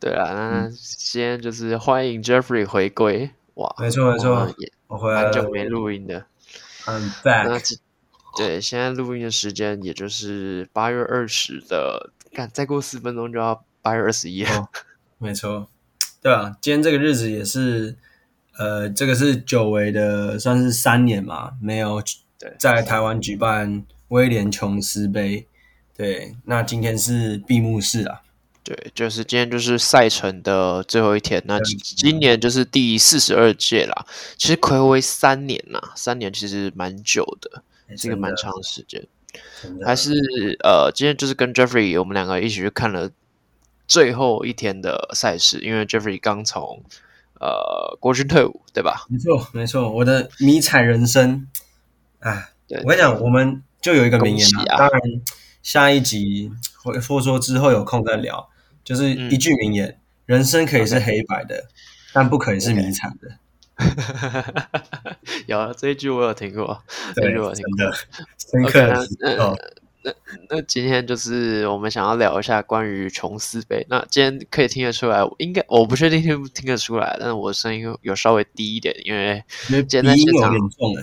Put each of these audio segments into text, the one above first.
對啊，那先就是歡迎 Jeffrey 回歸、嗯、哇！沒錯沒錯，我回來很久沒錄音的。嗯，對。對，現在錄音的時間也就是八月二十的，看，再過四分鐘就要八月二十一了、哦。沒錯，對啊，今天這個日子也是，呃，這個是久違的，算是三年嘛，沒有在台灣舉辦威廉瓊斯杯。對，那今天是閉幕式啊。對，就是今天就是賽程的最後一天，那今年就是第四十二屆啦。其實暌違三年啦，三年其實蠻久的，誒是一個蠻長的時間。還是呃，今天就是跟 Jeffrey 我們兩個一起去看了最後一天的賽事，因為 Jeffrey 剛從呃國軍退伍，對吧？沒錯，沒錯，我的迷彩人生。哎，對我跟你講，我們就有一個名言、啊啊、當然，下一集或或說，說之後有空再聊。就是一句名言：“嗯、人生可以是黑白的，Okay. 但不可以是迷彩的。”哈哈哈，有啊，這一句，我有聽過。這一句我有聽過。深刻。那那那今天就是我們想要聊一下關於瓊斯杯。那今天可以聽得出來，應該我不確定聽不聽得出來，但是我聲音有稍微低一點，因為今天在現場鼻音有點重哎。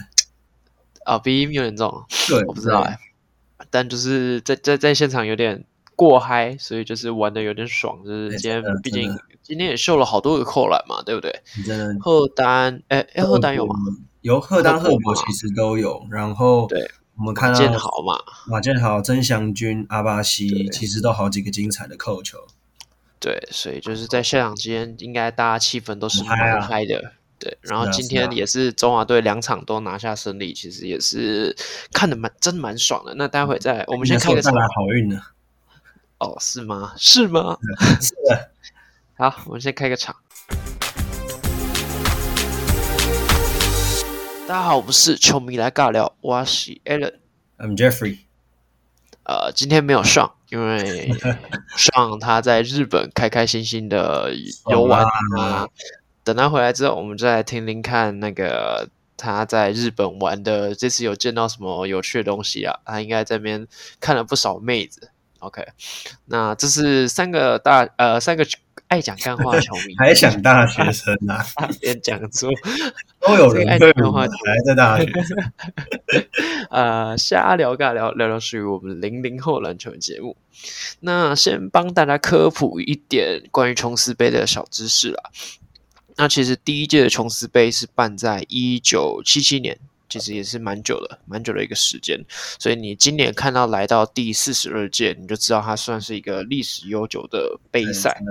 啊對，鼻音、哦、有點重，對，我不知道哎、欸。對但就是在在在現場有點。過嗨，所以就是玩的有點爽。就是今天，畢竟今天也秀了好多個扣籃嘛，對不對？賀丹，哎哎，賀丹有嗎？有賀丹、賀博其實都有。然後我們看到馬建豪、曾祥鈞、阿巴西，其實都好幾個精彩的扣球。對，所以就是在現場，之間應該大家氣氛都是蠻嗨的。對，然後今天也是中華隊兩場都拿下勝利，其實也是看的蠻真蠻爽的。那待會再來我們先看個帶來好運的。哦，是嗎？是嗎？ 是的。好，我們先開個場。大家好，我們是球迷來尬聊。我是 Allen，I'm Jeffrey。呃，今天沒有上，因為上他在日本開開心心的遊玩啊。 他等他回來之後，我們再聽聽看那個他在日本玩的，這次有見到什麼有趣的東西啊？他應該這邊看了不少妹子。OK，那這是三個大呃，三個愛講幹話的球迷， 還想大學生呢、啊，邊講座都有人愛講幹話，還在大學生，呃，瞎聊尬聊，聊聊屬於我們零零後籃球節目。那先幫大家科普一點關於瓊斯杯的小知識啦。那其實第一屆的瓊斯杯是辦在一九七七年。其實也是蠻久了，蠻久的一個時間。所以你今年看到來到第四十二屆，你就知道它算是一個歷史悠久的杯賽。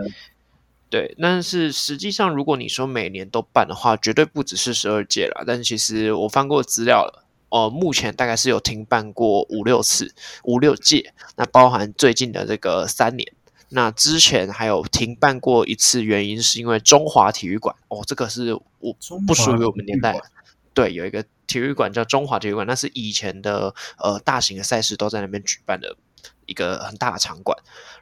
對，對，但是實際上，如果你說每年都辦的話，絕對不止四十二屆了。但其實我翻過資料了，哦、呃，目前大概是有停辦過五六次、嗯、五六屆，那包含最近的這個三年。那之前還有停辦過一次，原因是因為中華體育館。哦，這個是我不，不屬於我們年代。對，有一個體育館叫中華體育館，那是以前的呃大型的賽事都在那邊舉辦的，一個很大的場館。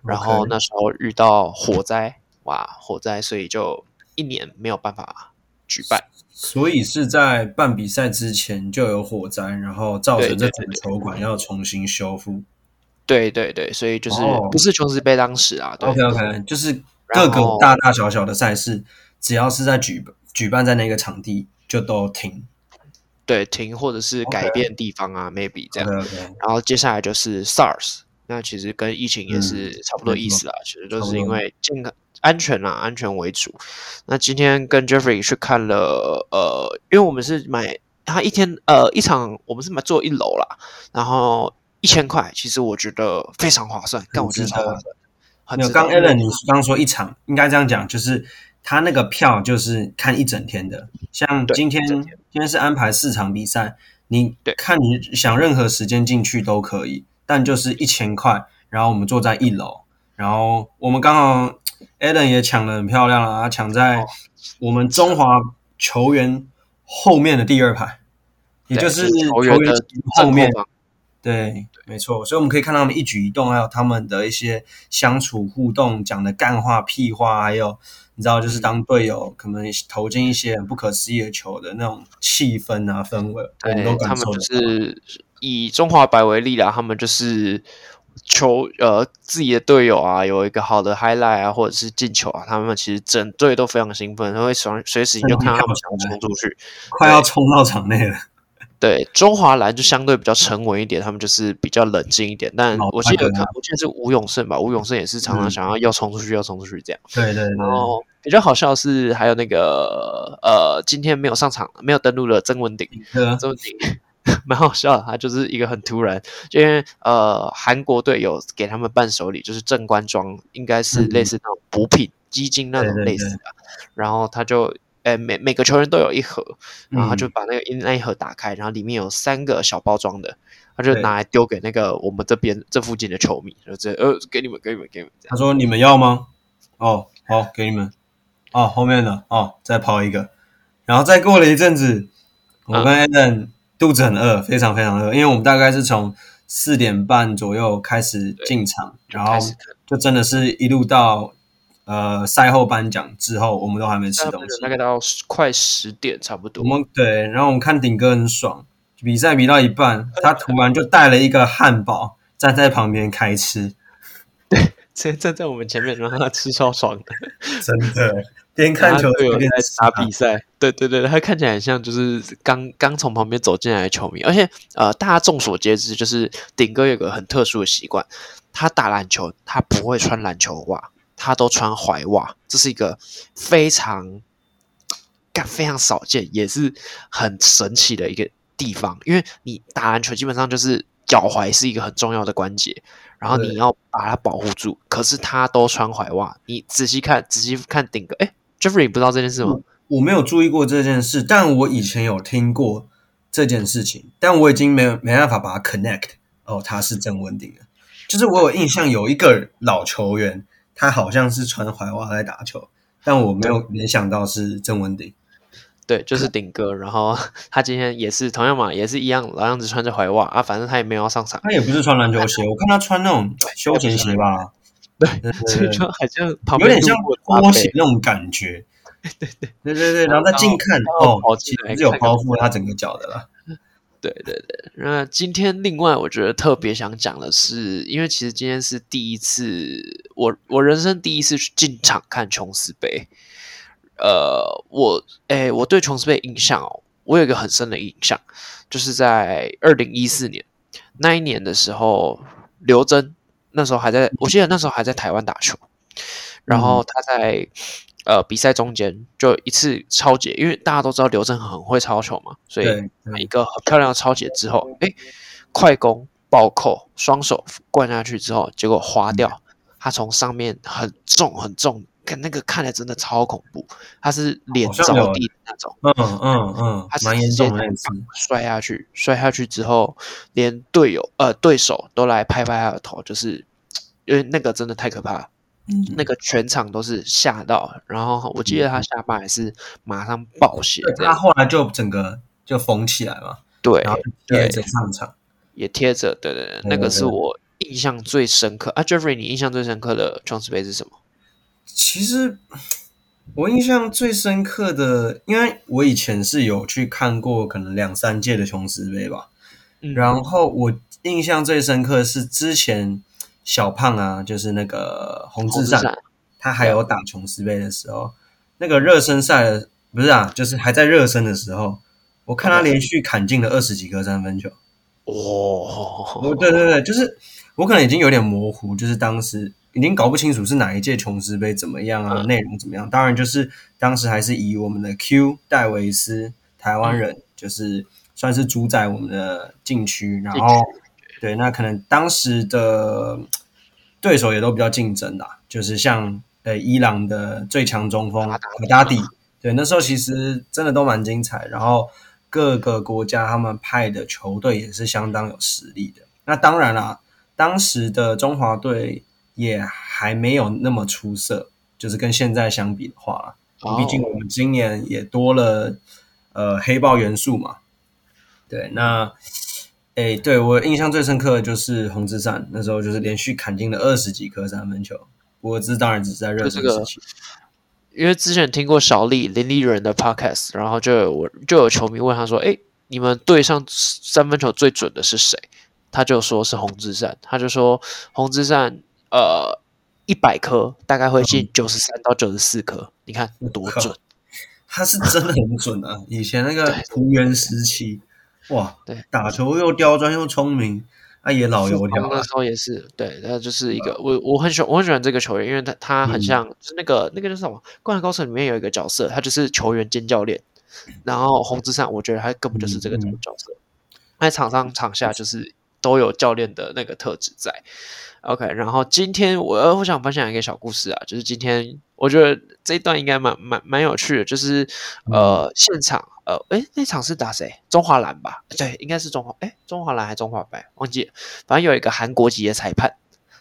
Okay. 然後那時候遇到火災，哇，火災，所以就一年沒有辦法舉辦。所以是在辦比賽之前就有火災，然後造成這整座球館要重新修復。對對對對。對對對，所以就是不是瓊斯盃當時啊 o、okay, okay, 就是各個大大小小的賽事，後只要是在舉舉辦在那個場地，就都停。對，停或者是改變地方啊 Okay.，maybe 這樣。Okay. Okay. 然後接下來就是 SARS，那其實跟疫情也是差不多意思啦，嗯嗯嗯、其實都是因為健康安全啦、啊，安全為主。那今天跟 Jeffrey 去看了，呃，因為我們是買他一天，呃，一場我們是買坐一樓啦，然後一千塊，嗯、其實我覺得非常划算，但我覺得划算很值得。沒有，剛剛 Alan，你是剛說一場，嗯、應該這樣講，就是。他那個票就是看一整天的，像今天，天今天是安排四場比賽，你看你想任何時間進去都可以，對但就是一千塊，然後我們坐在一樓，然後我們剛好 Alan 也搶得很漂亮啊，搶在我們中華球員後面的第二排，對也就是球員後面。對，沒錯，所以我們可以看到他們一舉一動，還有他們的一些相處互動，講的幹話、屁話，還有你知道，就是當隊友可能投進一些不可思議的球的那種氣氛啊、氛圍，我們都感受得到。對，他們就是以中華白為例啦，他們就是球，呃，自己的隊友啊，有一個好的 highlight 啊，或者是進球啊，他們其實整隊都非常興奮，他會想隨時看到他們想衝出去，對快要衝到場內了。對，中華藍就相對比較沉穩一點，他們就是比較冷靜一點。但我記得、哦、看，我記得是吳永勝吧，吳永勝也是常常想要要衝出去、嗯、出去，要衝出去這樣。對，對對。然後比較好笑是還有那個呃，今天沒有上場、沒有登錄的曾文鼎，嗯、曾文鼎蠻好笑的，他就是一個很突然，就因為呃，韓國隊友給他們伴手禮，就是正官莊，應該是類似那種補品、雞精、嗯、那種類似吧，對對對對，然後他就。哎，每每個球員都有一盒，然後他就把那個、嗯、那一盒打開，然後裡面有三個小包裝的，他就拿來丟給那個我們這邊對這附近的球迷，就這呃，給你們，給你們，給你們。他說你們要嗎？嗯、哦，好、哦，給你們。哦，後面的哦，再拋一個。然後再過了一陣子，我跟 Adam 肚子很餓，嗯、非常非常餓，因為我們大概是從四點半左右開始進場，對然後就真的是一路到。呃，賽後頒獎之後，我們都還沒吃東西，大概到快十點差不多。我們，對，然後我們看頂哥很爽，比賽比到一半，對他突然就帶了一個漢堡站在旁邊開吃，對，直接站在我們前面，然後他吃超爽的， 真的。邊看球邊打比賽，對對對，他看起來很像就是剛剛從旁邊走進來的球迷，而且呃，大家眾所皆知，就是頂哥有個很特殊的習慣，他打籃球他不會穿籃球襪。他都穿踝襪，這是一個非常干、非常少見，也是很神奇的一個地方。因為你打籃球，基本上就是腳踝是一個很重要的關節，然後你要把它保護住。對可是他都穿踝襪，你仔細看，仔細看頂格，哎，Jeffrey 不知道這件事嗎？我？我沒有注意過這件事，但我以前有聽過這件事情，但我已經沒有沒辦法把它 connect。哦，他是真溫迪，就是我有印象有一個老球員。他好像是穿踝襪在打球，但我沒有聯對 想到是鄭文鼎。對，就是鼎哥。然後他今天也是同樣嘛，也是一樣老樣子穿着踝襪啊。反正他也沒有要上場。他也不是穿籃球鞋，很我看他穿那種休閒鞋吧。對。對，這就好像旁邊，有點像拖鞋那種感覺。對對對對對對。然後再近看哦，喔、其實，是有包覆他整個腳的啦。對對對，那今天另外我覺得特別想講的是，因為其實今天是第一次，我我人生第一次去進場看瓊斯盃，呃，我哎我對瓊斯盃印象哦，我有一個很深的印象，就是在二零一四年那一年的時候，劉錚那時候還在，我記得那時候還在台灣打球，然後他在。嗯呃，比賽中間就一次抄截，因為大家都知道劉錚很會抄球嘛，所以一個很漂亮的抄截之後，哎、嗯，快攻暴扣，雙手灌下去之後，結果滑掉，他、嗯、從上面很重很重，看那個看來真的超恐怖，他是臉着地的那種，嗯嗯、欸、嗯，他、嗯嗯嗯、是直接摔下去，摔下去之後，連隊友呃對手都來拍拍他的頭，就是因為那個真的太可怕。嗯，那個全場都是嚇到，然後我記得他下巴還是馬上爆血，他後來就整個就縫起來嘛。對，然後貼着上場，也貼着，對對對，對對對，那個是我印象最深刻。對對對，啊，Jeffrey，你印象最深刻的瓊斯盃是什麼？其實我印象最深刻的，因為我以前是有去看過可能兩三屆的瓊斯盃吧，嗯，然後我印象最深刻的是之前。小胖啊，就是那個洪志善，志他還有打瓊斯盃的時候，哦、那個熱身賽的，不是啊，就是還在熱身的時候，我看他連續砍進了二十幾個三分球。哦，對對對，就是我可能已經有點模糊，就是當時已經搞不清楚是哪一屆瓊斯盃怎麼樣啊，嗯、內容怎麼樣。當然，就是當時還是以我們的 Q 戴維斯台灣人，嗯、就是算是主宰我們的禁區，嗯、然後。對，那可能當時的對手也都比較競爭啦、啊，就是像呃伊朗的最強中鋒哈達迪，對，那時候其實真的都蠻精彩。然後各個國家他們派的球隊也是相當有實力的。那當然啦，當時的中華隊也還沒有那麼出色，就是跟現在相比的話，oh. 畢竟我們今年也多了呃黑豹元素嘛。對，那。哎，對我印象最深刻的就是洪志善，那時候就是連續砍進了二十幾顆三分球。我這當然只是在熱身時期，這個，因為之前聽過小麗林立人的 podcast，然後就有就有球迷問他說：“哎，你們隊上三分球最準的是誰？”他就說是洪志善，他就說洪志善，呃，一百顆大概會進九十三到九十四顆，嗯，你看多準，他是真的很準啊！ 以前那個璞園時期。哇，對，打球又刁鑽又聰明，他是、啊、也老油條。那時候也是，對，他就是一個、嗯、我我很喜歡我很喜歡這個球員，因為他他很像就是那個、嗯、那個叫什麼《灌籃高手》裡面有一個角色，他就是球員兼教練。然後紅子上，我覺得他根本就是這個，這個角色，嗯嗯他在場上場下就是都有教練的那個特質在。OK，然後今天我我想分享一個小故事啊，就是今天我覺得這一段應該蠻蠻蠻有趣的，就是呃現場呃誒，那場是打誰？中華藍吧？對，應該是中華誒，中華藍還是中華白？忘記，反正有一個韓國籍的裁判，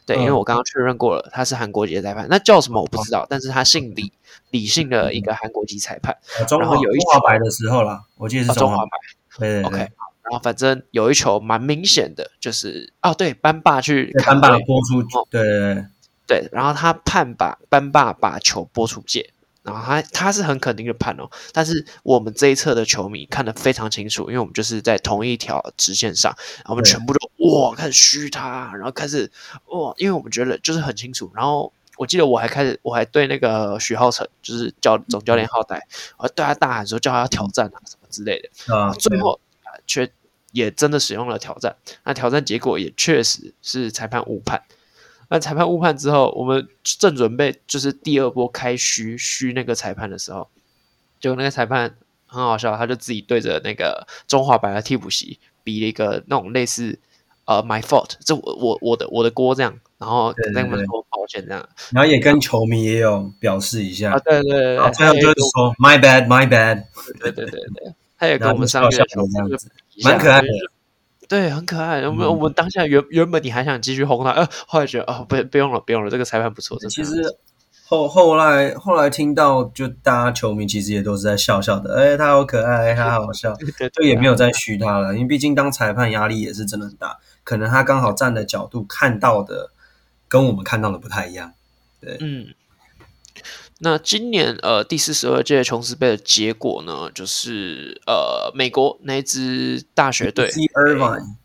對，呃、因為我剛剛確認過了，他是韓國籍的裁判。那叫什麼我不知道，哦、但是他姓李，李姓的一個韓國籍裁判。哦、然後有一局的時候啦，我記得是中華、哦、中華白。對對對 OK。哦，反正有一球蠻明顯的，就是哦，對，班霸去砍班霸撥出去，對對對，然後他判把班霸把球撥出界，然後他他是很肯定的判哦，但是我們這一側的球迷看得非常清楚，因為我們就是在同一條直線上，然後我們全部都對哇開始噓他，然後開始哇，因為我們覺得就是很清楚，然後我記得我還開始我還對那個許浩成就是叫總教練浩歹，嗯、我對他大喊說叫他要挑戰啊什麼之類的，啊、然後最後、啊、卻。也真的使用了挑戰，那挑戰結果也確實是裁判誤判。那裁判誤判之後，我們正準備就是第二波開虛虛那個裁判的時候，就那個裁判很好笑，他就自己對着那個中華白的替補席比了一個那種類似呃 my fault，這我我我的我的鍋這樣，然後在那邊說抱歉這樣對對對。然後也跟球迷也有表示一下啊，對對對,對好，然後就說 hey, my bad my bad，對對對對，他也跟我們,上我們笑笑這樣蠻可愛的，對，很可愛。我們、嗯、我們當下原原本你還想繼續轟他，呃，後來覺得哦，不，不用了，不用了，這個裁判不錯，其實後後來後來聽到，就大家球迷其實也都是在笑笑的，哎、欸，他好可愛，他好好笑，對對對啊、就也沒有再噓他了。因為畢竟當裁判壓力也是真的很大，可能他剛好站的角度看到的跟我們看到的不太一樣，對，嗯。那今年呃第四十二屆瓊斯盃的結果呢，就是呃美國那支大學隊 UC Irvine,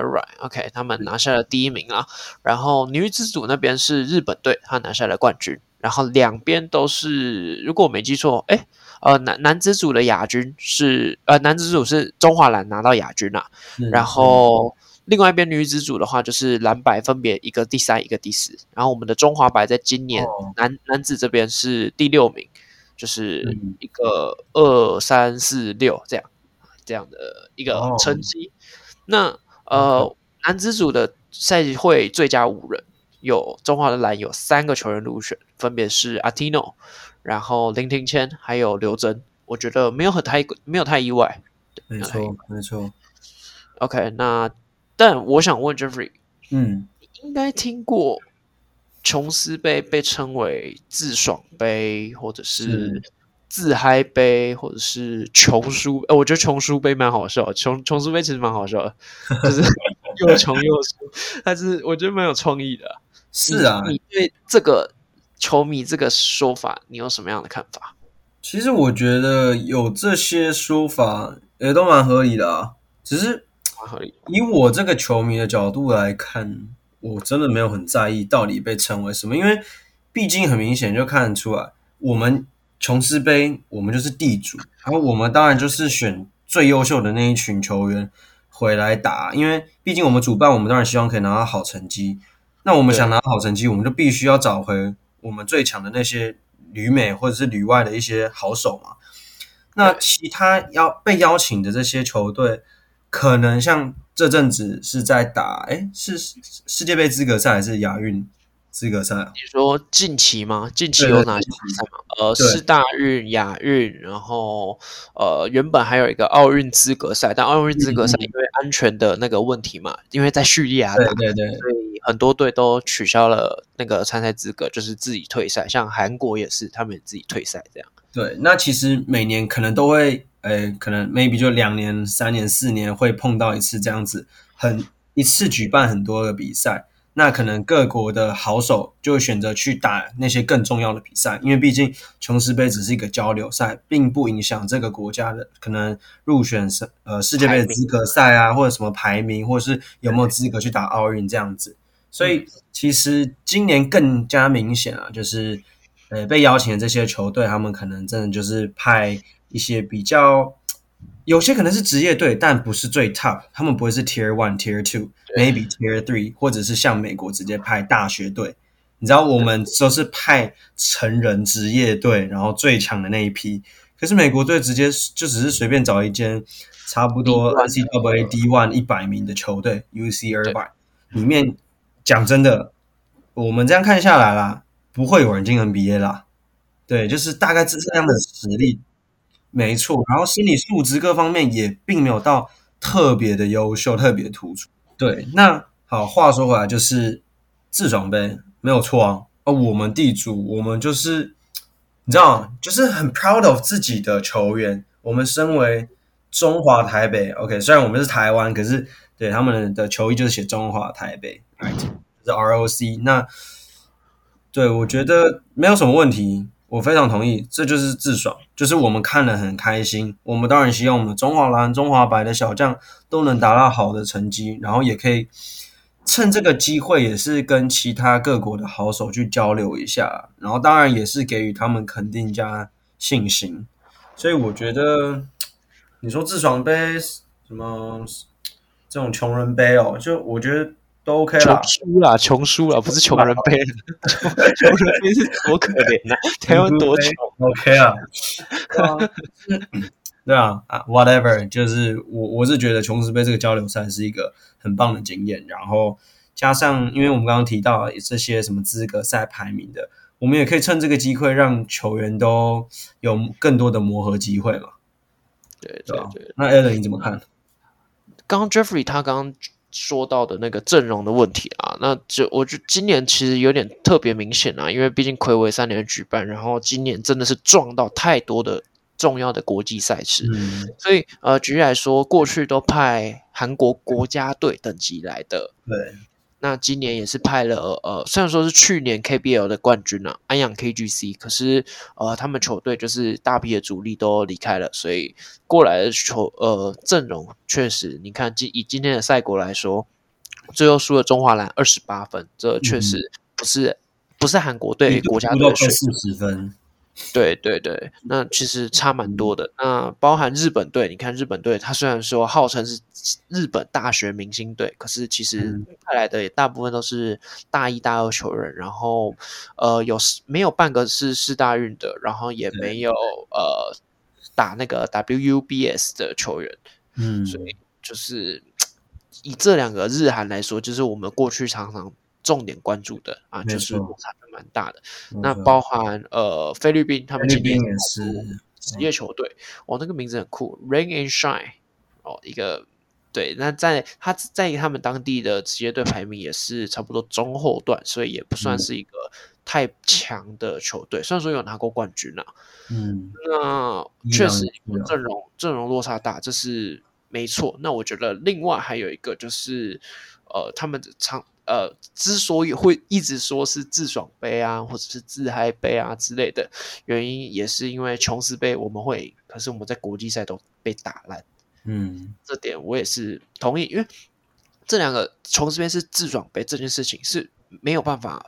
right，OK，他們拿下了第一名啊。然後女子組那邊是日本隊，他拿下了冠軍。然後兩邊都是，如果我沒記錯，誒，呃男男子組的亞軍是呃男子組是中華藍拿到亞軍啊。然後。嗯嗯另外一邊女子組的話，就是藍白分別一個第三，一個第四。然後我們的中華白在今年男、oh. 男子這邊是第六名，就是一個二、mm. 三四六這樣這樣的一個成績。Oh. 那呃，oh. 男子組的賽會最佳五人有中華的藍有三個球員入選，分別是阿提諾，然後林庭謙，還有劉錚。我覺得沒有很太沒有太意外。沒錯，沒錯。OK，那。但我想問 Jeffrey，嗯，應該聽過瓊斯盃被稱為自爽盃，或者是自嗨盃，或者是窮輸。哎是、哦，我覺得窮輸盃蠻好笑，窮窮輸盃其實蠻好笑的， 就是又窮又輸， 還是我覺得蠻有創意的。是啊，你對這個球迷這個說法，你有什麼樣的看法？其實我覺得有這些說法也都蠻合理的啊，只是。以我這個球迷的角度來看，我真的沒有很在意到底被稱為什麼，因為畢竟很明顯就看得出來，我們瓊斯杯，我們就是地主，然後我們當然就是選最優秀的那一群球員回來打，因為畢竟我們主辦，我們當然希望可以拿到好成績。那我們想拿好成績，對我們就必須要找回我們最強的那些旅美或者是旅外的一些好手嘛。那其他要被邀請的這些球隊。可能像這陣子是在打，哎，是世界盃資格賽還是亞運資格賽？你說近期嗎？近期有哪些比賽嗎？呃，對世大運、亞運，然後呃，原本還有一個奧運資格賽，但奧運資格賽因為安全的那個問題嘛，嗯，因為在敘利亞打，對對對，所以很多隊都取消了那個參賽資、資格，就是自己退賽。像韓國也是，他們也自己退賽這樣。對，那其實每年可能都會。呃，可能 maybe 就兩年、三年、四年會碰到一次這樣子，很一次舉辦很多的比賽。那可能各國的好手就選擇去打那些更重要的比賽，因為畢竟瓊斯盃只是一個交流賽，並不影響這個國家的可能入選世呃世界杯的資格賽啊，排名。或者什麼排名，或者是有沒有資格去打奧運這樣子。嗯、所以其實今年更加明顯啊，就是呃被邀請的這些球隊，他們可能真的就是派。一些比較，有些可能是職業隊，但不是最 top，他們不會是 tier one tier two，maybe 對 tier three，或者是像美國直接派大學隊。對，你知道我們都是派成人職業隊，然後最強的那一批。可是美國隊直接就只是隨便找一間差不多 CWA D one 一百名的球隊，UC 二百裡面，講真的，我們這樣看下來啦，不會有人進 NBA 啦。對，就是大概是這樣的實力。沒錯，然後心理素質各方面也並沒有到特別的優秀、特別突出。對，那好，話說回來就是自爽杯沒有錯啊。哦，我們地主，我們就是你知道，就是很 proud of 自己的球員。我們身為中華台北，OK，雖然我們是台灣，可是對他們的球衣就是寫中華台北，是、right, ROC。那對我覺得沒有什麼問題。我非常同意，這就是自爽，就是我們看了很開心。我們當然希望我們中華藍、中華白的小將都能達到好的成績，然後也可以趁這個機會，也是跟其他各國的好手去交流一下，然後當然也是給予他們肯定加信心。所以我覺得，你說自爽杯什麼這種窮人杯哦，就我覺得。都 OK 了，輸了，窮輸了，不是窮人杯，窮 人杯是多可憐吶、啊！ 台灣多窮、啊、 ，OK 啊，對啊 對啊，whatever，就是我我是覺得瓊斯杯這個交流賽是一個很棒的經驗，然後加上因為我們剛剛提到這些什麼資格賽排名的，我們也可以趁這個機會讓球員都有更多的磨合機會嘛。對、啊、對，對，對，對對，那艾倫，你怎麼看？剛 Jeffrey 他剛。說到的那個陣容的問題啊，那就我覺得今年其實有點特別明顯啊，因為畢竟暌違三年舉辦，然後今年真的是撞到太多的重要的國際賽事，嗯、所以呃，舉例來說，過去都派韓國國家隊等級來的。嗯對那今年也是派了呃，雖然說是去年 KBL 的冠軍了，啊，安陽 KGC，可是呃，他們球隊就是大批的主力都離開了，所以過來的球呃陣容確實，你看今以今天的賽果來說，最後輸了中華藍二十八分，這確實不是、嗯、不是韓國隊國家隊四十分。對對對，那其實差蠻多的。那包含日本隊，你看日本隊，他雖然說號稱是日本大學明星隊，可是其實派來的也大部分都是大一大二球員，然後呃有沒有半個是世大運的，然後也沒有對對對呃打那個 WUBS 的球員。嗯，所以就是以這兩個日韓來說，就是我們過去常常重點關注的啊，錯就是。蠻大的，那包含呃菲律賓，他們今年是職業球隊，嗯、哦，那個名字很酷，Rain and Shine，哦，一個對，那在他在於他們當地的職業隊排名也是差不多中後段，所以也不算是一個太強的球隊，雖然、嗯、說有拿過冠軍啊，嗯，那確實陣容陣容，容落差大，這是沒錯，那我覺得另外還有一個就是呃他們的場。呃，之所以會一直說是自爽杯啊，或者是自嗨杯啊之類的，原因也是因為瓊斯杯我們會贏，可是我們在國際賽都被打爛，嗯，這點我也是同意，因為這兩個瓊斯杯是自爽杯，這件事情是沒有辦法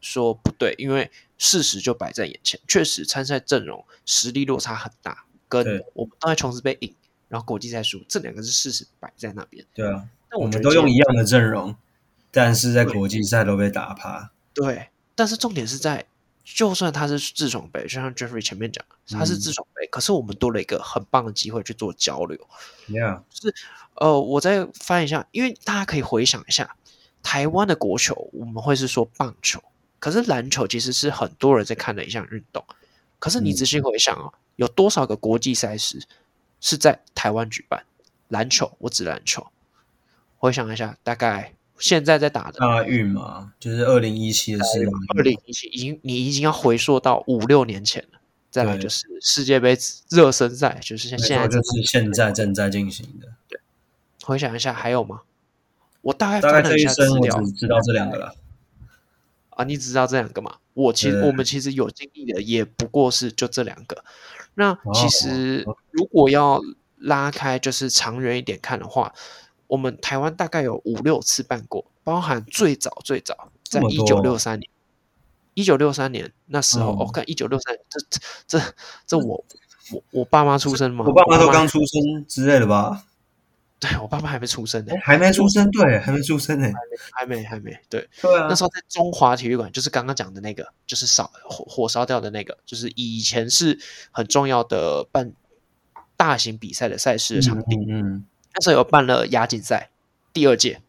說不對，因為事實就擺在眼前，確實參賽陣容實力落差很大，跟我們當然瓊斯杯贏，然後國際賽輸，這兩個是事實擺在那邊。對啊，那我，我們都用一樣的陣容。但是在國際賽都被打趴。對，但是重點是在，就算他是自爽盃，就像 Jeffrey 前面講，嗯、他是自爽盃，可是我們多了一個很棒的機會去做交流。Yeah，就是呃，我再翻一下，因為大家可以回想一下，台灣的國球我們會是說棒球，可是籃球其實是很多人在看的一項運動。可是你仔細回想哦，嗯、有多少個國際賽事是在台灣舉辦？籃球，我指籃球，回想一下，大概。現在在打的大運嘛，就是二零一七的事，二零一七已經你已經要回溯到五六年前了。再來就是世界杯熱身賽，對就是現在就是現在正在進行的。回想一下還有嗎？我大概翻了一下資料生料、啊，你知道這兩個了。啊，你只知道這兩個嘛？我其實對我們其實有經歷的也不過是就這兩個。那其實如果要拉開就是長遠一點看的話。我們台灣大概有五六次辦過，包含最早最早在一九六三年，一九六三年那時候，我看一九六三年，這這這我我這我爸媽出生嗎？我爸媽都剛出生之類的吧？對，我爸媽還沒出生呢，欸欸，還沒出生，對，還沒出生呢，欸，還沒還沒對，對啊，那時候在中華體育館，就是剛剛講的那個，就是燒火火燒掉的那個，就是以前是很重要的辦大型比賽的賽事的場地，嗯，嗯。那時候有辦了亞錦賽，第二屆，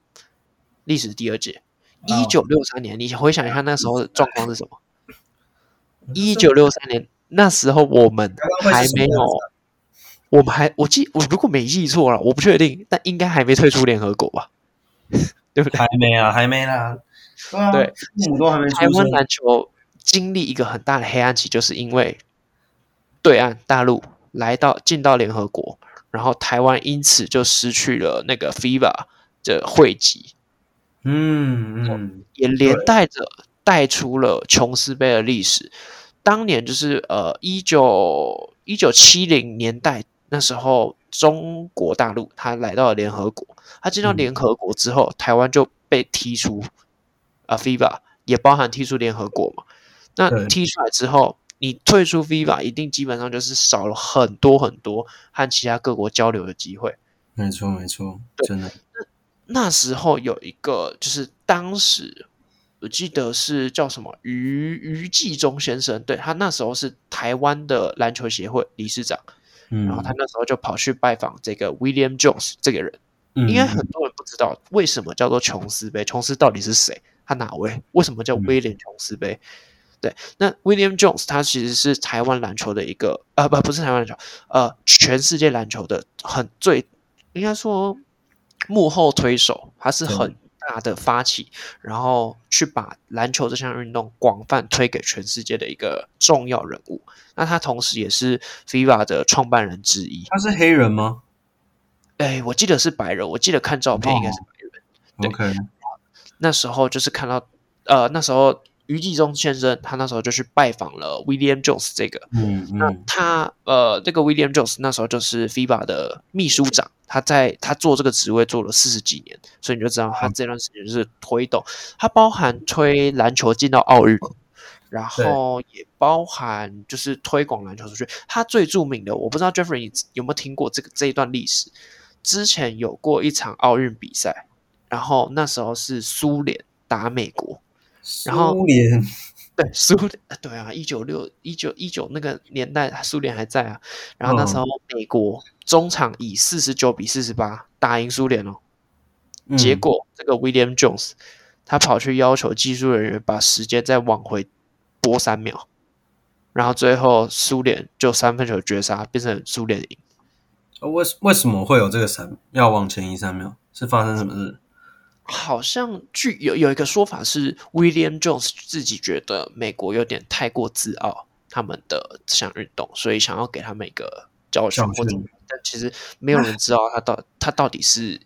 歷史第二屆，一九六三年。你想回想一下那時候的狀況是什麼？一九六三年那時候我們還沒、哦、剛剛沒有，我們還我記我如果沒記錯了，我不確定，但應該還沒退出聯合國吧？ 對不對？還沒啊，還沒啦、啊。對，都還沒。台灣籃球經歷一個很大的黑暗期，就是因為對岸大陸來到進到聯合國。然後台灣因此就失去了那個 FIBA 的會籍，嗯嗯，嗯也連帶着帶出了瓊斯盃的歷史。當年就是呃，一九一九七零年代那時候，中國大陸他來到了聯合國，他進到聯合國之後，嗯、台灣就被踢出啊、呃、FIBA，也包含踢出聯合國嘛。那踢出來之後。你退出 v i v a 一定基本上就是少了很多很多和其他各國交流的機會沒。沒錯，沒錯對，真的。那那時候有一個，就是當時我記得是叫什麼余余紀忠先生，對他那時候是台灣的籃球協會理事長，嗯、然後他那時候就跑去拜訪這個 William Jones 這個人。嗯、應該很多人不知道，為什麼叫做瓊斯杯？瓊斯到底是誰？他哪位？為什麼叫威廉瓊斯杯？對，那 William Jones 他其實是台灣籃球的一個，呃，不，不是台灣籃球，呃，全世界籃球的很最應該說幕後推手，他是很大的發起，對然後去把籃球這項運動廣泛推給全世界的一個重要人物。那他同時也是 FIBA 的創辦人之一。他是黑人嗎？哎，我記得是白人，我記得看照片應該是白人。哦、對 OK，那時候就是看到，呃，那時候。余紀中先生，他那時候就去拜訪了 William Jones 這個，嗯，嗯那他呃，這、那個 William Jones 那時候就是 FIBA 的秘書長，他在他做這個職位做了四十幾年，所以你就知道他這段時間是推動，嗯、他包含推籃球進到奧運，然後也包含就是推廣籃球出去。他最著名的，我不知道 Jeffrey 你有沒有聽過這個這一段歷史？之前有過一場奧運比賽，然後那時候是蘇聯打美國。蘇然後蘇聯對蘇聯對啊，一九六一九一九那個年代，蘇聯還在啊。然後那時候美國中場以四十九比四十八打贏蘇聯哦。結果這個 William Jones，嗯，他跑去要求技術人員把時間再往回撥三秒，然後最後蘇聯就三分球絕殺，變成蘇聯贏。為為什麼會有這個三要往前移三秒？是發生什麼事？好像具有有一個說法是，William Jones 自己覺得美國有點太過自傲他們的這項運動，所以想要給他們一個教訓。或者是，但其實沒有人知道他到 他到底是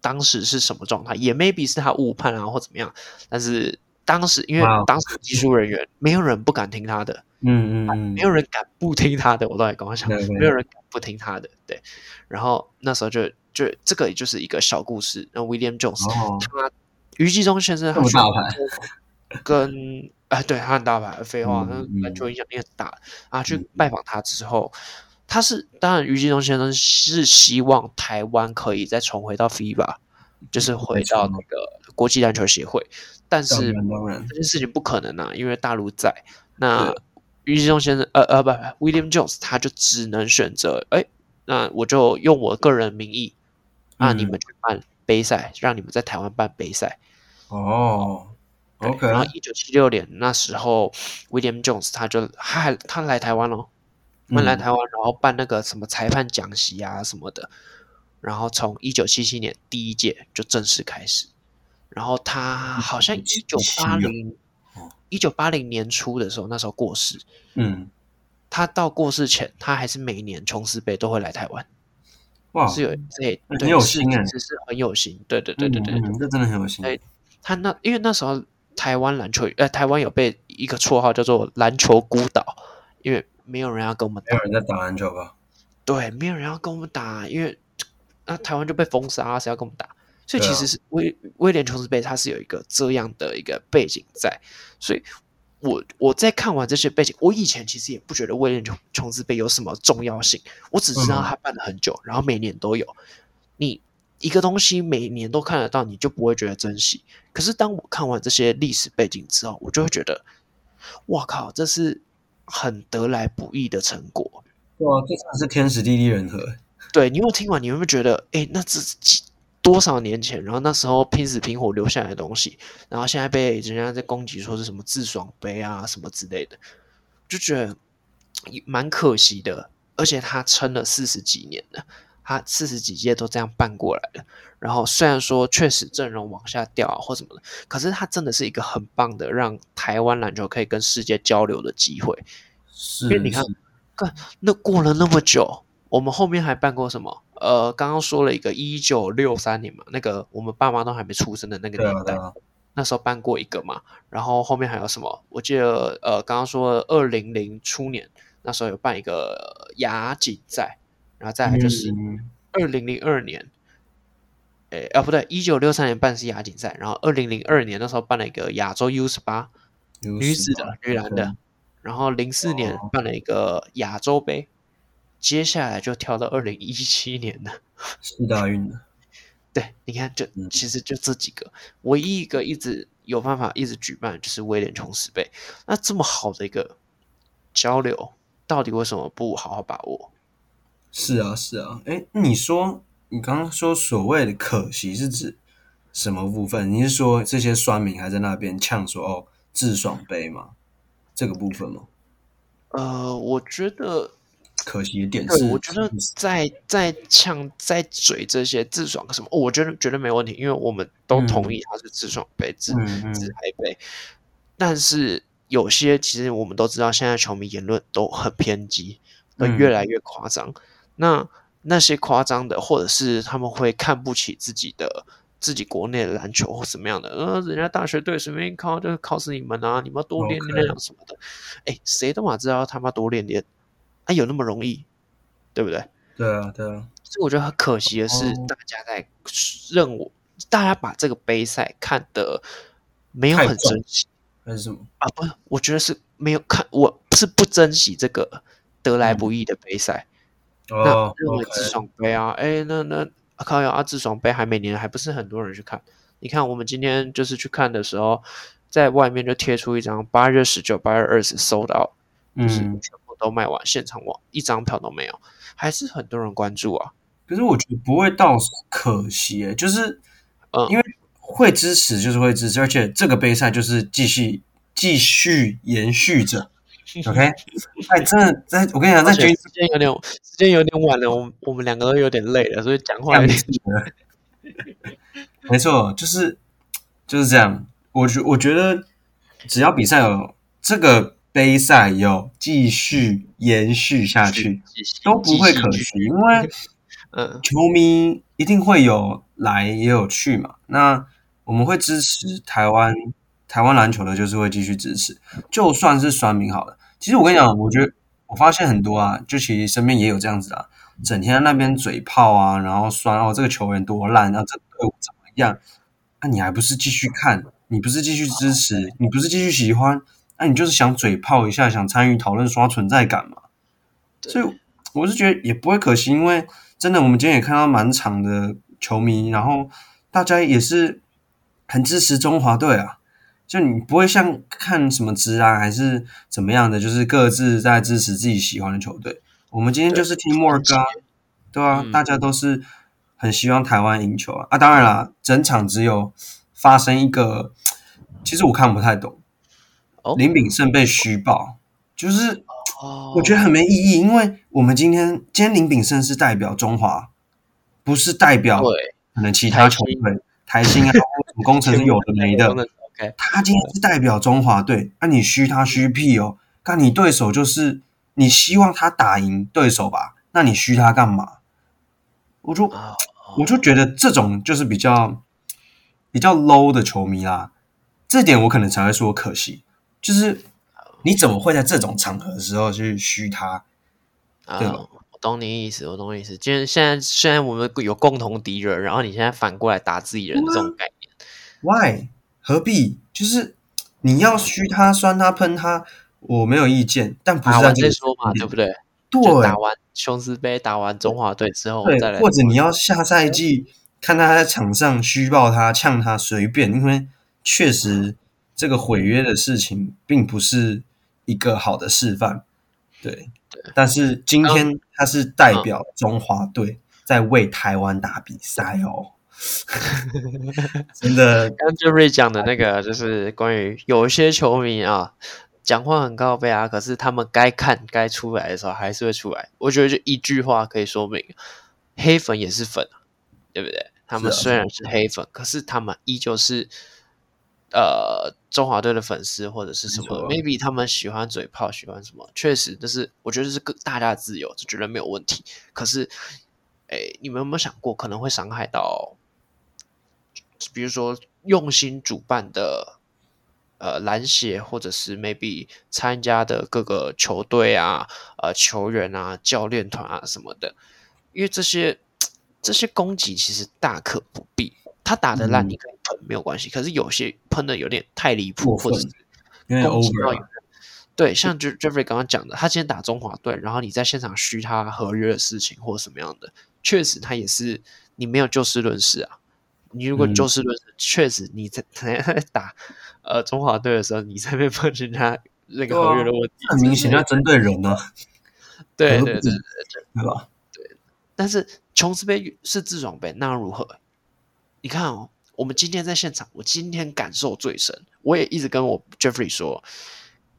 當時是什麼狀態，也 maybe 是他誤判啊或怎麼樣。但是當時，因為當時的技術人員 Wow. 沒有人不敢聽他的。嗯嗯、啊、沒有人敢不聽他的，我都還跟我講，沒有人敢不聽他的。對，對，對，對，然後那時候就就這個，也就是一個小故事。那 William Jones、哦、他余紀忠先生很大牌，跟啊，對，他很大牌，廢話，籃、嗯、球影響力很大、嗯、啊。去拜訪他之後，他是當然余紀忠先生是希望台灣可以再重回到 FIBA，就是回到那個國際籃球協會，嗯、但是這件事情不可能啊，因為大陸在那。於志忠先生，呃呃，不，William Jones，他就只能選擇，哎、欸，那我就用我個人名義，讓、嗯啊、你們去辦杯賽，讓你們在台灣辦杯賽。哦對，OK。然後一九七六年那時候，William Jones 他就他還他來台灣了。他來台灣、哦，台嗯、然後辦那個什麼裁判講習啊什麼的，然後從一九七七年第一屆就正式開始，然後他好像一九八零。一九八零年初的時候，那時候過世。嗯，他到過世前，他還是每一年瓊斯盃都會來台灣。哇，是有、嗯、對，很有型，只是很有型，對對對對對、嗯嗯，這真的很有型。哎，他那因為那時候台灣籃球，呃，台灣有被一個綽號叫做“籃球孤島”，因為沒有人要跟我們，沒有人在打籃球吧？對，沒有人要跟我們打，因為那、啊、台灣就被封殺，誰要跟我們打？所以其實是威威廉瓊斯盃，它是有一個這樣的一個背景在。所以我我在看完這些背景，我以前其實也不覺得威廉瓊斯盃有什麼重要性，我只知道它辦了很久，然後每年都有。你一個東西每年都看得到，你就不會覺得珍惜。可是當我看完這些歷史背景之後，我就會覺得，哇靠，這是很得來不易的成果。對，這才是天時地利人和。對，你有聽完，你會不會覺得，哎，那這？多少年前，然後那時候拼死拼活留下來的東西，然後現在被人家在攻擊，說是什麼自爽盃啊什麼之類的，就覺得蠻可惜的。而且他撐了四十幾年了，他四十幾屆都這樣辦過來的，然後雖然說確實陣容往下掉啊或什麼的，可是他真的是一個很棒的，讓台灣籃球可以跟世界交流的機會。是，是，因為你看，看那過了那麼久，我們後面還辦過什麼？呃，剛剛說了一個一九六三年嘛，那個我們爸媽都還沒出生的那個年代，對啊對啊，那時候辦過一個嘛，然後後面還有什麼？我記得呃，剛剛說二零零初年，那時候有辦一個亞錦賽，然後再來就是二零零二年，誒、嗯哎啊、不對，一九六三年辦是亞錦賽，然後二零零二年那時候辦了一個亞洲 U 十八 U 18, 女子的女籃的，對然後零四年辦了一個亞洲盃。接下來就跳到二零一七年了，世大運了。對，你看，就、嗯、其實就這幾個，唯一一個一直有辦法一直舉辦就是威廉瓊斯盃。嗯、那這麼好的一個交流，到底為什麼不好好把握？是啊，是啊。哎、欸，你說你剛剛說所謂的可惜是指什麼部分？你是說這些酸民還在那邊嗆說哦自爽盃嗎？這個部分嗎？呃，我覺得。可惜一點對是，我覺得在在嗆在嘴這些自爽什麼，哦、我覺得絕對沒問題，因為我們都同意他是自爽杯，嗯、自自嗨杯。嗯嗯、但是有些其實我們都知道，現在球迷言論都很偏激，會越來越誇張。嗯、那那些誇張的，或者是他們會看不起自己的自己國內的籃球或什麼樣的？呃，人家大學隊隨便考就是考死你們啊！你們多練練，練什麼的？哎 Okay.，誰都嘛知道他媽多練練？哎，啊、有那麼容易，對不對？對啊，對啊，對啊。所以我覺得很可惜的是，大家在認為、哦、大家把這個杯賽看得沒有很珍惜，為什麼啊？不是，我覺得是沒有看，我是不珍惜這個得來不易的杯賽。哦、嗯，那自爽杯啊，哎，那那康呀，阿自、啊、爽杯還每年還不是很多人去看？你看我們今天就是去看的時候，在外面就貼出一張八月十九、八月二十 sold out，嗯、就是。都賣完，現場我一張票都沒有，還是很多人關注啊。可是我覺得不會到可惜，欸，就是，呃，因為會支持就是會支持，嗯，而且這個杯賽就是繼續繼續延續着。OK，哎， 真的，在我跟你講，在這之間有點時間有點晚了，我們我們兩個都有點累了，所以講話有點沒。 沒錯，就是就是這樣。我覺我覺得只要比賽有，喔，這個。杯賽有繼續延續下去，都不會可惜，因為呃，球迷一定會有來也有去嘛。那我們會支持台灣台灣籃球的，就是會繼續支持。就算是酸民好了，其實我跟你講，我覺得我發現很多啊，就其實身邊也有這樣子的、啊，整天在那邊嘴炮啊，然後酸哦這個球員多爛，然、啊、後這個、隊伍怎麼樣，那、啊、你還不是繼續看，你不是繼續支持，你不是繼續喜歡。那、啊、你就是想嘴炮一下，想參與討論刷存在感嘛？對所以我是覺得也不會可惜，因為真的我們今天也看到滿場的球迷，然後大家也是很支持中華隊啊。就你不會像看什麼職啊還是怎麼樣的，就是各自在支持自己喜歡的球隊。我們今天就是聽莫爾哥，對啊，大家都是很希望台灣贏球啊。啊，當然了，整場只有發生一個，其實我看不太懂。Oh? 林炳勝被虛報，就是我覺得很沒意義，oh, okay. 因為我們今天今天林炳勝是代表中華，不是代表對可能其他球隊、對台新信啊、 工程是有的沒的。 他今天是代表中華隊，那、啊、你虛他虛屁哦？那、oh, okay. 你對手就是你希望他打贏對手吧？那你虛他幹嘛？我就 oh, oh. 我就覺得這種就是比較比較 low 的球迷啦、啊，這點我可能才會說可惜。就是你怎麼會在這種場合的時候去噓他、uh, 吧？啊，我懂你意思，我懂你意思。既然現在雖然我們有共同敵人，然後你現在反過來打自己人這種概念，Why？Why？何必？就是你要噓他、酸他、噴他，我沒有意見，但不是直接說嘛，對不對？對，打完瓊斯盃，打完中華隊之後再來。或者你要下賽季看他在場上噓爆他、嗆他、隨便，因為確實。這個毀約的事情並不是一個好的示範，對。對，但是今天他是代表中華隊在為台灣打比賽哦。嗯嗯、 真的，剛傑瑞講的那個就是關於有些球迷啊，講話很靠北啊，可是他們該看該出來的時候還是會出來。我覺得就一句話可以說明，黑粉也是粉，對不對？他們雖然是黑粉，是啊、可是他們依舊是。.呃，中華隊的粉絲或者是什麼、哦、maybe 他們喜歡嘴炮，喜歡什麼？確實、就是，但是我覺得是個大家自由，就覺得沒有問題。可是，哎、欸，你們有沒有想過，可能會傷害到，比如說用心主辦的呃籃協，或者是 maybe 參加的各個球隊啊、呃，球員啊、教練團啊什麼的？因為這些這些攻擊其實大可不必，他打得爛，你可以。嗯、沒有關係，可是有些噴的有點太離譜，啊、或者攻擊到對，像 Jeffrey 剛剛講的，他今天打中華隊，然後你在現場噓他合約的事情或者什麼樣的，確實他也是你沒有就事論事啊。你如果就事論事，嗯、確實你在他在打呃中華隊的時候，你在被碰見他那個合約，問題很明顯在針對人呢、啊， 對對約對，對吧？對，對對了但是瓊斯盃是自爽盃，那如何？你看哦。我們今天在現場，我今天感受最深，我也一直跟我 Jeffrey 說，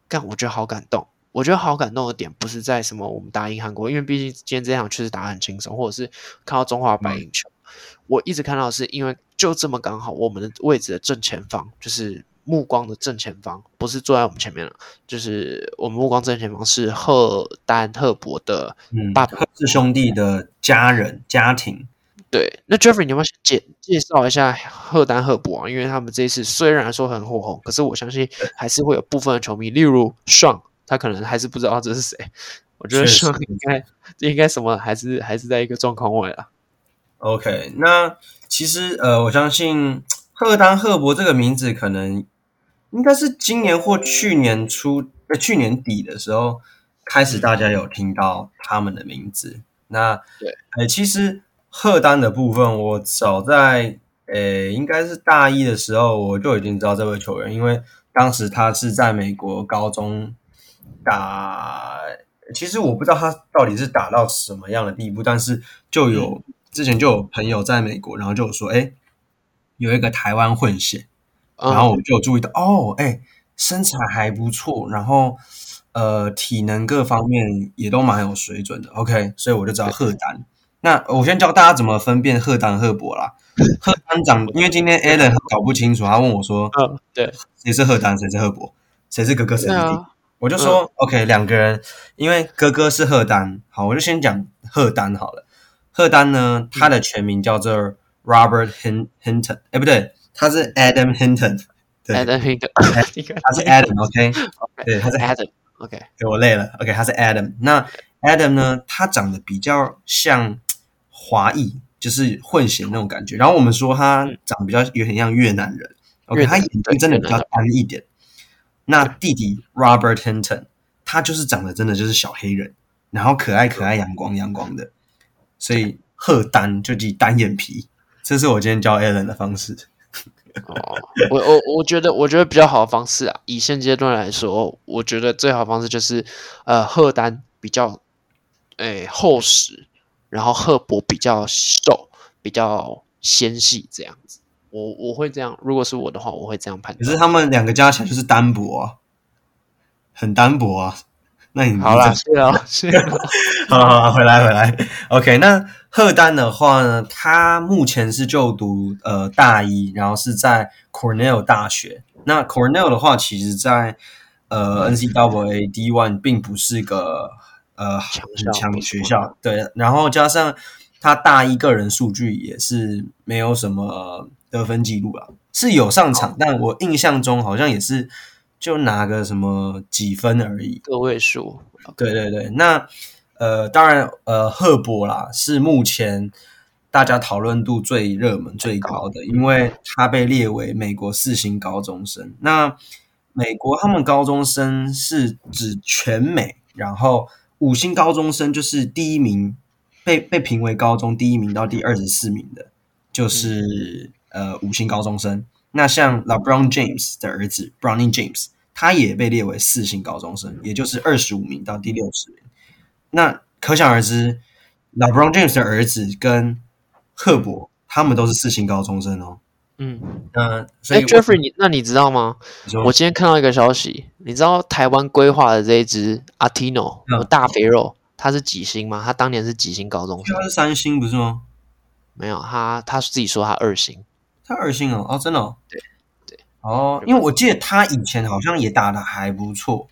幹，我覺得好感動，我覺得好感動的點不是在什麼我們打贏韓國，因為畢竟今天這場確實打得很輕鬆，或者是看到中華白贏球，嗯、我一直看到的是因為就這麼剛好我們的位置的正前方，就是目光的正前方，不是坐在我們前面了，就是我們目光正前方是赫丹赫伯的爸爸、嗯、赫氏兄弟的家人家庭。對，那 Jeffrey，你要不要介紹一下赫丹赫博啊？因為他們這一次雖然說很火紅，可是我相信還是會有部分的球迷，例如爽，他可能還是不知道這是誰。我覺得、Sean、應該實這應該什麼，還是還是在一個狀況位啊。OK，那其實呃，我相信赫丹赫博這個名字，可能應該是今年或去年初呃去年底的時候開始大家有聽到他們的名字。嗯、那對，呃，其實。賀丹的部分我，我早在誒，應該是大一的時候，我就已經知道這位球員，因為當時他是在美國高中打，其實我不知道他到底是打到什麼樣的地步，但是就有，嗯、之前就有朋友在美國，然後就有說，哎，欸，有一個台灣混血，然後我就注意到，嗯，哦，哎，欸，身材還不錯，然後呃，體能各方面也都蠻有水準的，嗯、，OK，所以我就知道賀丹。那我先教大家怎麼分辨赫丹、赫博啦。 赫丹長，因為今天 Alan 搞不清楚，他問我說：“嗯，對，誰是赫丹，誰是赫博，誰是哥哥，誰是弟弟？”我就說：“OK，兩個人，因為哥哥是赫丹。好，我就先講赫丹好了。赫丹呢，他的全名叫做 Robert Hinton、欸。哎，不對，他是 Adam Hinton。Adam Hinton， 他是 Adam。OK，對，他是 Adam。OK，哎，Okay. 我累了。OK，他是 Adam。那 Adam 呢，Okay. 他長得比較像……華裔就是混血那種感覺，然後我們說他長比較有點、嗯、像越南人，因、okay, 為南他眼睛真的比較單一點。那弟弟 Robert Hinton，他就是長得真的就是小黑人，然後可愛可愛陽光陽光的。所以賀丹就記單眼皮，這是我今天教 Allen 的方式。 哦，我我我覺得我覺得比較好的方式啊，以現階段來說，我覺得最好的方式就是呃賀丹比較、欸、厚實。然後赫伯比較瘦，比較纖細這樣子，我我會這樣，如果是我的話，我會這樣判斷。可是他們兩個加起來就是單薄，很單薄啊。那你好啦了，謝謝老師。 好，好，好，啊，回來，回來。OK，那赫丹的話呢，他目前是就讀呃大一，然後是在 Cornell 大學。那 Cornell 的話，其實在呃 NCAA D1 並不是個。呃，很強學校對，然後加上他大一，個人數據也是沒有什麼得分記錄了，是有上場，的但我印象中好像也是就拿個什麼幾分而已，個位數。對對對，那呃，當然呃，赫伯啦是目前大家討論度最熱門最高的，因為他被列為美國四星高中生。那美國他們高中生是指全美，然後，五星高中生就是第一名被，被被評為高中第一名到第二十四名的，就是呃五星高中生。那像 LeBron James 的兒子 Bronny James，他也被列為四星高中生，也就是二十五名到第六十名。那可想而知，LeBron James 的兒子跟赫伯他們都是四星高中生哦。嗯嗯，哎、呃、Jeffrey，你那你知道嗎？說我今天看到一個消息，你知道台灣歸化的這一隻 Artino 有有大肥肉，嗯、他是幾星嗎？他當年是幾星高中生？他是三星不是嗎？沒有，他他自己說他二星，他二星哦？哦，真的、哦對，對對，哦，因為我記得他以前好像也打得還不錯，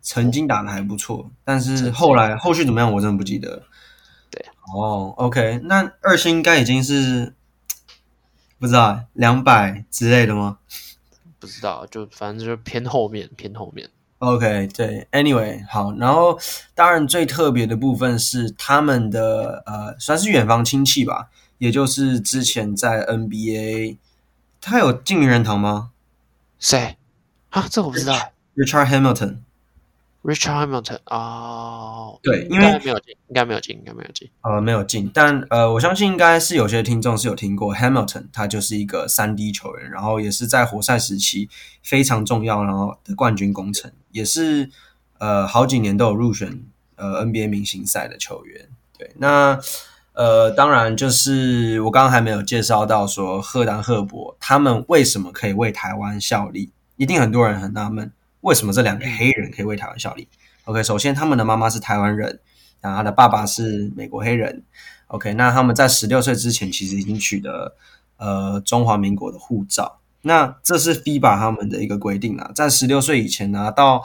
曾經打得還不錯，但是後來是後續怎麼樣，我真的不記得。對，哦，OK，那二星應該已經是。不知道兩百之類的嗎？不知道，就反正就是偏後面，偏後面。OK，對，Anyway，好，然後當然最特別的部分是他們的呃，算是遠房親戚吧，也就是之前在 NBA，他有進名人堂嗎？誰？啊，這我不知道。Richard Hamilton。Richard Hamilton 哦，對，因為沒有進，應該沒有進，應該沒有進，應該沒有進。呃，沒有進，但呃，我相信應該是有些聽眾是有聽過 Hamilton，他就是一個三 D 球員，然後也是在活塞時期非常重要，然後的冠軍功臣。也是呃好幾年都有入選呃 NBA 明星賽的球員。對，那呃，當然就是我剛剛還沒有介紹到說赫南赫博他們為什麼可以為台灣效力，一定很多人很納悶。為什麼這兩個黑人可以為台灣效力？OK，首先他們的媽媽是台灣人，然後他的爸爸是美國黑人。OK，那他們在十六歲之前其實已經取得呃中華民國的護照。那這是 FIBA 他們的一個規定啦，在十六歲以前拿到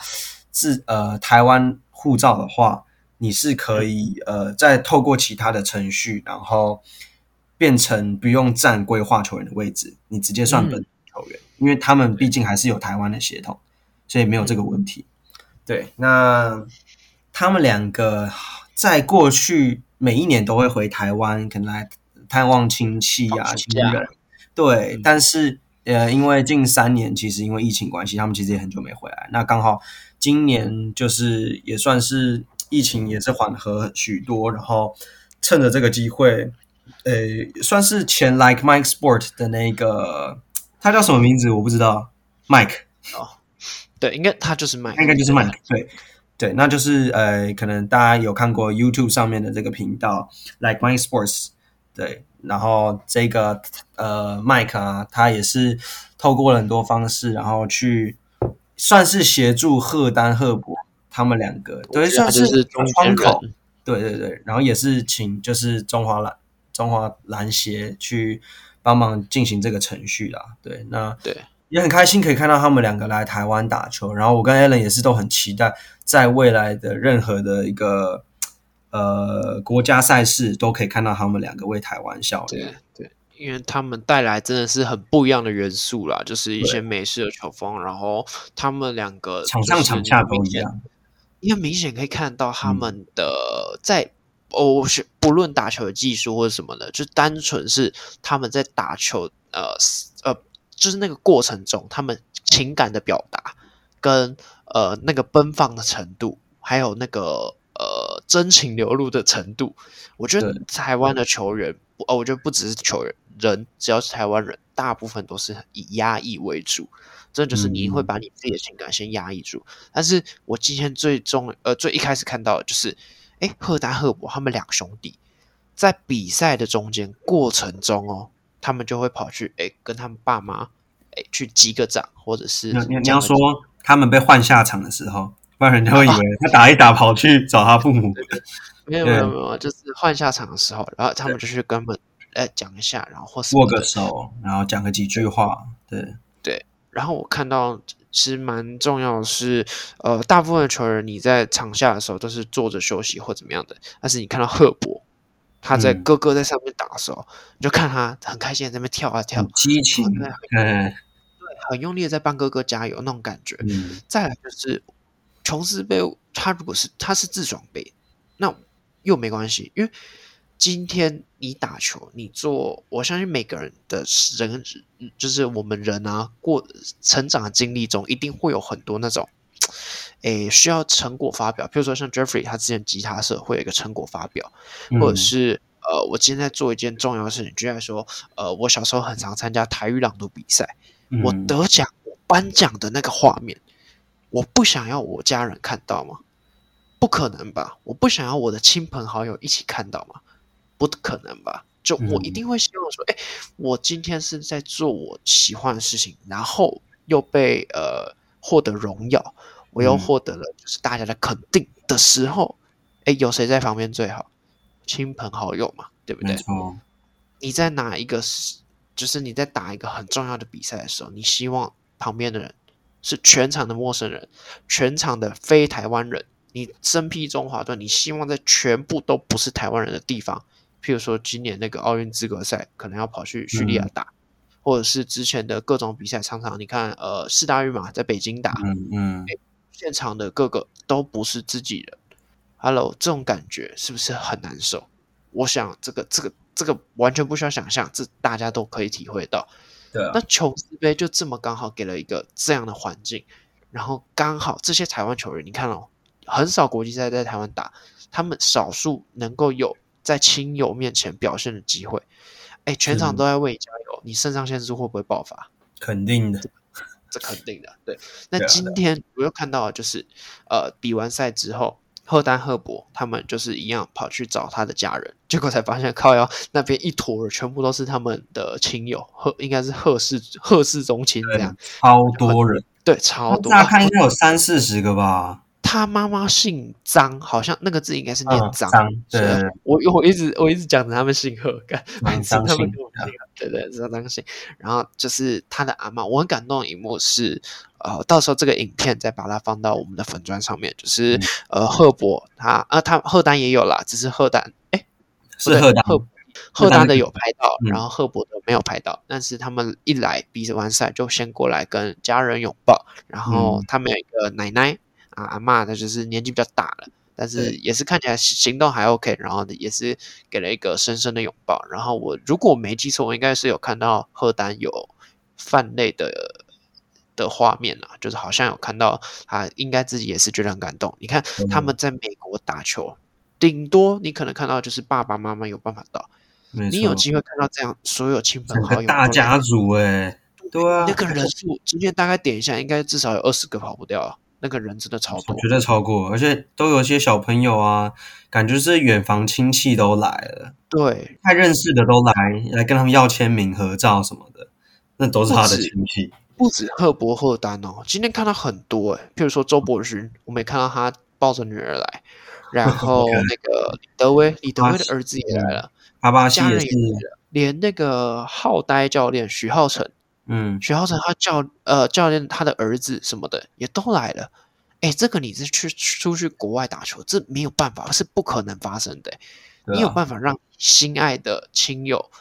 自呃台灣護照的話，你是可以呃再透過其他的程序，然後變成不用佔規劃球員的位置，你直接算本土球員，嗯、因為他們畢竟還是有台灣的血統。所以沒有這個問題，嗯、對。那他們兩個在過去每一年都會回台灣，可能來探望親戚呀、啊、親人、啊。親戚啊、對，嗯、但是呃，因為近三年其實因為疫情關係，他們其實也很久沒回來。那剛好今年就是也算是疫情也是緩和許多，然後趁着這個機會，呃，算是前 Like Mike Sport 的那個，他叫什麼名字？我不知道，Mike。 對，應該他就是麥，他應該就是麥克。對，對，那就是呃，可能大家有看過 YouTube 上面的這個頻道，Like Mike Sports。對，然後這個呃，麥克啊，他也是透過了很多方式，然後去算是協助赫丹赫、赫伯他們兩個，對，算是從窗口。對對對，然後也是請就是中華籃中華籃協去幫忙進行這個程序啦。對，那對。也很開心可以看到他們兩個來台灣打球，然後我跟 Alan 也是都很期待，在未來的任何的一個呃國家賽事，都可以看到他們兩個為台灣效力。對，對，因為他們帶來真的是很不一樣的元素啦，就是一些美式的球風，對然後他們兩個，就是，場上場下都一樣，因為明顯可以看到他們的在哦，是，嗯、不論打球的技術或者什麼的，就單純是他們在打球，呃呃。就是那個過程中，他們情感的表達跟呃那個奔放的程度，還有那個呃真情流露的程度，我覺得台灣的球員，對哦，我覺得不只是球員，人只要是台灣人，大部分都是以壓抑為主，真的就是你會把你自己的情感先壓抑住。嗯、但是我今天最終呃，最一開始看到的就是，哎，赫達赫博他們兩兄弟在比賽的中間過程中哦。他們就會跑去、欸、跟他們爸媽、欸、去擊個掌，或者是你你要說他們被換下場的時候，不然人家會以為他打一打跑去找他父母。沒有沒有沒有，就是換下場的時候，然後他們就去跟他們哎講對、欸、一下，然後或是握個手，然後講個幾句話。對對，然後我看到其實蠻重要的是呃大部分的球員你在場下的時候都是坐着休息或怎麼樣的，但是你看到赫伯。他在哥哥在上面打的時候，嗯、你就看他很開心在那邊跳啊跳，激情，在嗯，對，很用力的在幫哥哥加油那種感覺。嗯、再來就是瓊斯杯，他如果是他是自爽杯，那又沒關係，因為今天你打球，你做，我相信每個人的人就是我們人啊，過成長的經歷中一定會有很多那種。誒、欸，需要成果發表，比如說像 Jeffrey，他之前吉他社會有一個成果發表，嗯、或者是呃，我今天在做一件重要的事情，就在說，呃，我小時候很常參加台語朗讀比賽，我得獎，我頒獎的那個畫面，嗯、我不想要我家人看到嗎？不可能吧！我不想要我的親朋好友一起看到嗎？不可能吧！就我一定會希望說，哎、嗯欸，我今天是在做我喜歡的事情，然後又被呃獲得榮耀。我又獲得了就是大家的肯定的時候，嗯、誒，有誰在旁邊最好？親朋好友嘛，對不對？沒錯。你在哪一個是？就是你在打一個很重要的比賽的時候，你希望旁邊的人是全場的陌生人，全場的非台灣人，你身披中華隊，你希望在全部都不是台灣人的地方，譬如說今年那個奧運資格賽，可能要跑去敘利亞打，嗯、或者是之前的各種比賽常常你看，呃，世大運嘛，在北京打，嗯。嗯現場的各個，個都不是自己人，Hello，這種感覺是不是很難受？我想這個、這個、這個完全不需要想象，這大家都可以體會到。對，那瓊斯杯就這麼剛好給了一個這樣的環境，然後剛好這些台灣球員，你看哦，很少國際賽在台灣打，他們少數能夠有在親友面前表現的機會。哎、欸，全場都在為你加油，是你腎上腺素會不會爆發？肯定的。是肯定的，對。那今天我又看到，就是對、啊、對呃，比完賽之後，赫丹赫、赫伯他們就是一樣跑去找他的家人，結果才發現靠腰那邊一坨，全部都是他們的親友，赫應該是赫氏赫氏宗親這樣，對，超多人，對，超多。那乍看應該有三四十個吧。他媽媽姓張，好像那個字應該是念張、哦“張”。對，我我一直我一直講他們姓賀，蠻傷對對，是張姓。然後就是他的阿嬤，我很感動的一幕是，呃，到時候這個影片再把它放到我們的粉磚上面。就是、嗯、呃，賀博他，啊，他賀丹也有啦，只是賀丹，哎，是賀丹，賀對赫丹的有拍到，嗯、然後賀博的沒有拍到。但是他們一來比完賽就先過來跟家人擁抱，然後他們有一個奶奶。嗯啊，阿嬤，就是年紀比較大了，但是也是看起來行動還 OK、嗯、然後呢也是給了一個深深的擁抱。然後我如果我沒記錯，我應該是有看到賀丹有泛淚的的畫面啊，就是好像有看到他應該自己也是覺得很感動。你看、嗯、他們在美國打球，頂多你可能看到就是爸爸媽媽有辦法到，錯你有機會看到這樣所有親朋好友大家族哎、欸，對，對啊，那個人數好今天大概點一下，應該至少有二十個跑不掉啊。那個人真的超多，絕對超過，而且都有些小朋友啊，感覺是遠房親戚都來了，對，太認識的都來，來跟他們要簽名、合照什麼的，那都是他的親戚。不只赫伯赫丹哦，今天看到很多哎，譬如說周柏勳，嗯、我沒看到他抱着女兒來，然後那個李德威， 西李德威的兒子也來了，巴西也是也，連那個浩呆教練徐浩成。學校嗯，徐浩辰他教呃教練他的兒子什麼的也都來了。哎、欸，這個你是去出去國外打球，這沒有辦法是不可能發生的、欸。啊、你有辦法讓心愛的親友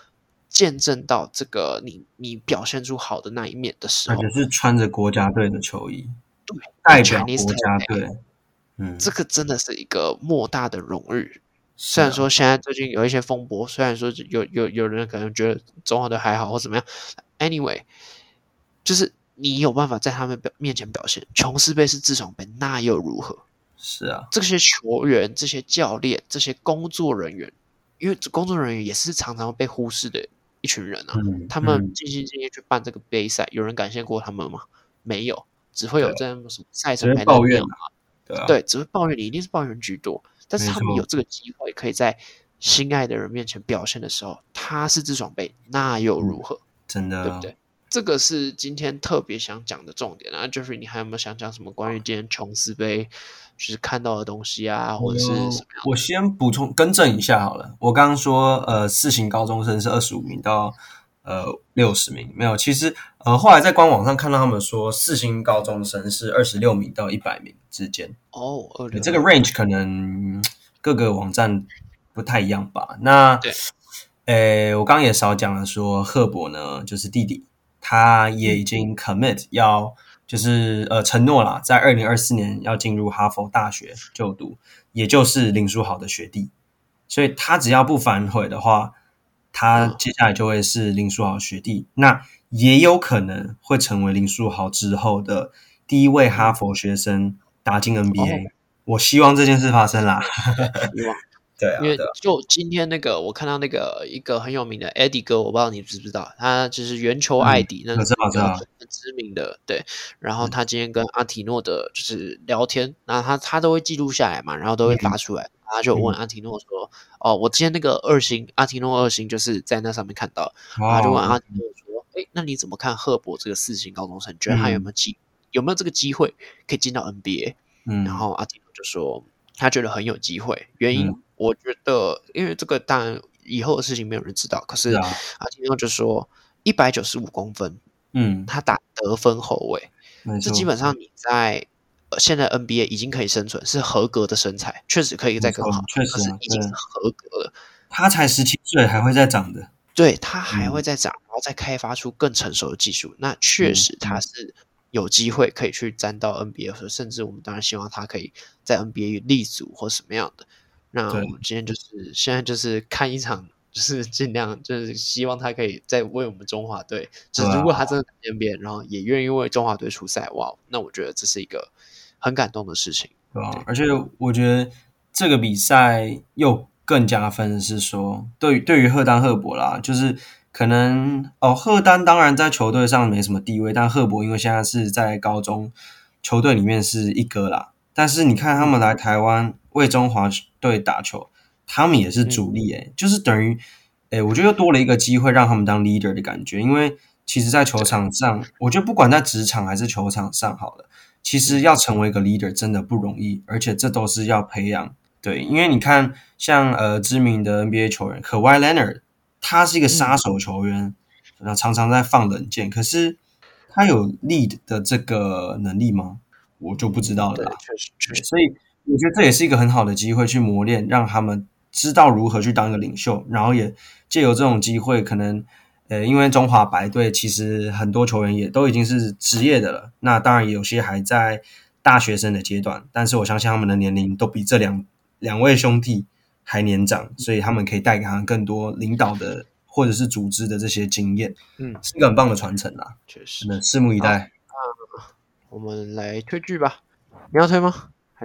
見證到這個你你表現出好的那一面的時候，他就是穿着國家隊的球衣，對，代表國家隊。欸、嗯，這個真的是一個莫大的榮譽。雖然說現在最近有一些風波，雖然說有有有人可能覺得中華隊還好或怎麼樣。Anyway，就是你有辦法在他們表面前表現。瓊斯盃是自爽盃，那又如何？是啊，這些球員、這些教練、這些工作人員，因為工作人員也是常常被忽視的一群人啊。嗯嗯、他們盡心盡力去辦這個盃賽，有人感謝過他們嗎？沒有，只會有這樣什麼賽程排到怨。對啊，對，只會抱怨。你一定是抱怨居多。但是他們有這個機會可以在心愛的人面前表現的時候，沒錯。他是自爽盃，那又如何？嗯真的對不對？這個是今天特別想講的重點啊 Jeffrey 你還有沒有想講什麼關於今天瓊斯盃就是看到的東西啊？或者是……我先補充更正一下好了，我剛剛說呃四星高中生是二十五名到呃六十名，沒有，其實呃後來在官網上看到他們說四星高中生是二十六名到一百名之間哦，oh, 這個 range 可能各個網站不太一樣吧？那對。誒，我剛也少講了說，說赫伯呢就是弟弟，他也已經 commit 要就是呃承諾了，在二零二四年要進入哈佛大學就讀，也就是林書豪的學弟，所以他只要不反悔的話，他接下來就會是林書豪學弟，哦、那也有可能會成為林書豪之後的第一位哈佛學生打進 NBA。哦、我希望這件事發生啦。 對，因為就今天那個，我看到那個一個很有名的 Eddie 哥，我不知道你知不知道，他就是圓球艾迪，那個很知名的。對，然後他今天跟阿提諾的，就是聊天，然後他他都會記錄下來嘛，然後都會發出來。他就問阿提諾說：“哦，我今天那個二星，阿提諾二星就是在那上面看到。”他就問阿提諾說：“哎，那你怎麼看赫伯這個四星高中生？覺得他有沒有機有沒有這個機會可以進到 NBA？” 嗯，然後阿提諾就說他覺得很有機會，原因。我覺得，因為這個當然以後的事情沒有人知道，可是啊，今天就說一百九十五公分，嗯，他打得分後衛，錯這基本上你在、呃、現在 NBA 已經可以生存，是合格的身材，確實可以再更好，確實、啊、已經合格了。他才十七歲，還會再長的，對他還會再長，嗯、然後再開發出更成熟的技術。那確實他是有機會可以去沾到 NBA、嗯、甚至我們當然希望他可以在 NBA 立足或什麼樣的。那我們今天就是現在就是看一場，就是盡量就是希望他可以再為我們中華隊，是、啊、如果他真的改變，然後也願意為中華隊出賽，哇，那我覺得這是一個很感動的事情，對、啊、對，而且我覺得這個比賽又更加分是說，對於對於赫丹赫博啦，就是可能哦，赫丹當然在球隊上沒什麼地位，但赫博因為現在是在高中球隊裡面是一哥啦，但是你看他們來台灣。為中華隊打球，他們也是主力哎、欸，嗯、就是等於哎、欸，我覺得又多了一個機會讓他們當 leader 的感覺，因為其實，在球場上，我覺得不管在職場還是球場上好了，其實要成為一個 leader 真的不容易，而且這都是要培養對，因為你看像呃知名的 NBA 球員，Kawhi Leonard，他是一個殺手球員，那、嗯、常常在放冷箭，可是他有 lead 的這個能力嗎？我就不知道了、嗯對，確實確實，所以。我覺得這也是一個很好的機會去磨練，讓他們知道如何去當一個領袖。然後也借由這種機會，可能，呃，因為中華白隊其實很多球員也都已經是職業的了，那當然有些還在大學生的階段。但是我相信他們的年齡都比這兩兩位兄弟還年長，所以他們可以帶給他更多領導的或者是組織的這些經驗。嗯，是一個很棒的傳承啊！確實，那、嗯、拭目以待。啊，我們來推劇吧？你要推嗎？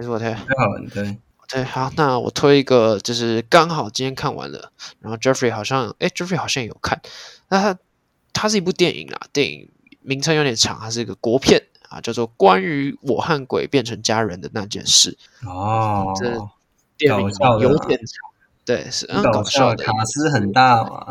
沒錯，對，對，好，那我推一個，就是剛好今天看完了。然後 Jeffrey 好像，哎，欸，Jeffrey 好像有看。那他，他是一部電影啊，電影名稱有點長，還是一個國片啊，叫做《關於我和鬼變成家人的那件事》哦、oh, 嗯，這電影搞笑有點長，對，是很搞笑的，卡司很大嘛。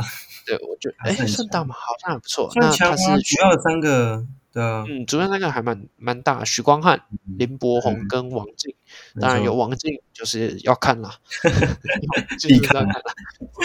對，我覺得，哎，順道嘛，好像還不錯。前那他是主要三個，對、啊、嗯，主要三個還蠻蠻大。許光漢、嗯、林柏宏跟王淨，嗯嗯嗯、當然有王淨就是要看啦。就是要看了。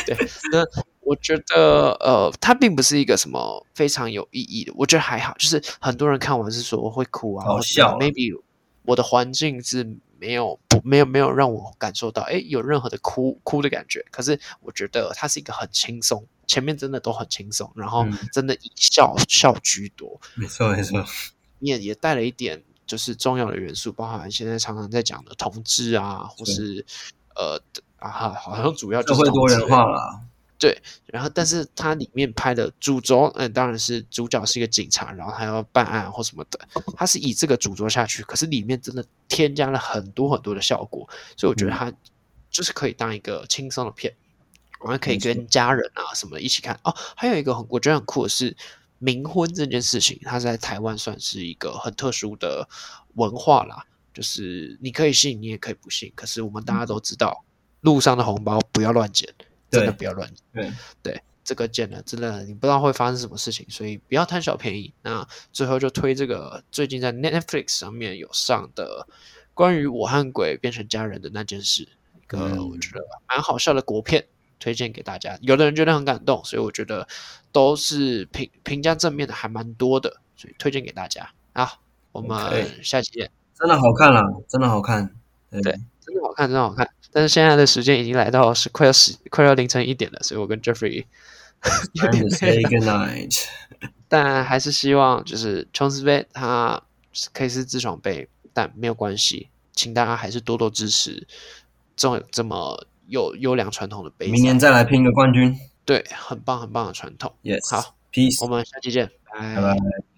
對，那 我覺得呃，它並不是一個什麼非常有意義的，我覺得還好。就是很多人看完是說我會哭啊，好笑、啊。Maybe 我的環境是沒有不沒有沒有讓我感受到哎有任何的哭哭的感覺，可是我覺得它是一個很輕鬆。前面真的都很輕鬆，然後真的以笑、嗯、笑居多。沒錯沒錯，面也帶了一點就是重要的元素，包含現在常常在講的同志啊，對或是呃啊，哈，好像主要就，是就會多元化了。對，然後但是它裡面拍的主軸，嗯，當然是主角是一個警察，然後他要辦案或什麼的。它是以這個主軸下去，可是裡面真的添加了很多很多的效果，所以我覺得它就是可以當一個輕鬆的片。嗯我還可以跟家人啊什麼的一起看哦。還有一個很我覺得很酷的是冥婚這件事情，它在台灣算是一個很特殊的文化啦。就是你可以信，你也可以不信。可是我們大家都知道，嗯、路上的紅包不要亂撿，對真的不要亂撿。對，對，這個撿了真的你不知道會發生什麼事情，所以不要貪小便宜。那最後就推這個最近在 Netflix 上面有上的關於我和鬼變成家人的那件事，嗯、一個我覺得蠻好笑的國片。推薦給大家，有的人覺得很感動，所以我覺得都是評評價正面的還蠻多的，所以推薦給大家啊。我們下期見。Okay, 真的好看了，啊，真的好看，對，對，真的好看，真的好看。但是現在的時間已經來到是快要十，快要凌晨一點了，所以我跟 Jeffrey 有點累。say good night。但還是希望就是瓊斯盃他可以是自爽盃，但沒有關係，請大家還是多多支持這這麼，有優良傳統的杯子，明年再來拼一個冠軍，對，很棒很棒的傳統。Yes，好，Peace，我們下期見，拜拜 bye。Bye bye